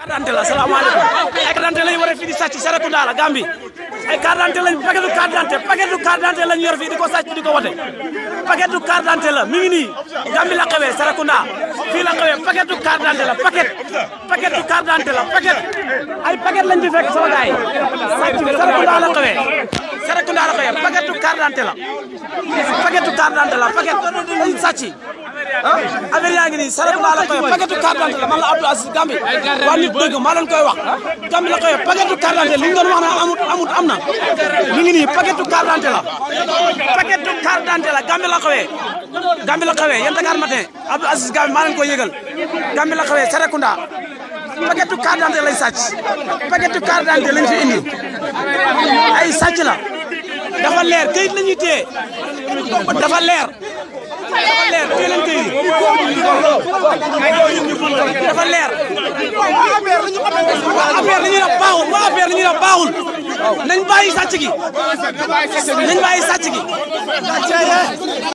carte d'identité la salaamaaleykum ay carte d'identité lañu war a fii di sàcc Serekunda la Gambie ay carte d'identité lañ paquet du carte d'identité paquet du carte d'identité lañ yor fii di ko sàcc di ko wote paquet du carte d'identité la mi ngi nii Gambie la xewee Serekunda fii la xewee paquet du carte d'identité la paquet paquet du carte d'identité la paquet ay paquet lañ fi fekk sama gars yi Serekunda la xewee Serekunda la xewee paquet du carte d'identité la paquet du carte d'identité la paquet lañ sàcc Ah, affaire yaa ngi nii sareet laa la koy paquetu carte d'identité la man la Abdou Aziz Gambi waa nit dëgg maa leen koy wax Gambi la koy paquetu carte d'identité li ñu doon wax na amut amut am na mi ngi nii paquetu carte d'identité la paquetu carte d'identité la Gambi la xawee Gambi la xawee yéen Dakar matin Abdou Aziz Gambi maa leen koy yëgal Gambi la xawee Serekunda paquetu carte d'identité lay sàcc paquetu carte d'identité lañ fi indi ay sàcc la dafa leer këyit la ñuy dafa leer. dafa leer téye leen yi dafa leer. affaire li ñuy def baaxul waa affaire li ñuy def baaxul nañ bàyyi sàcc gi nañ bàyyi sàcc gi.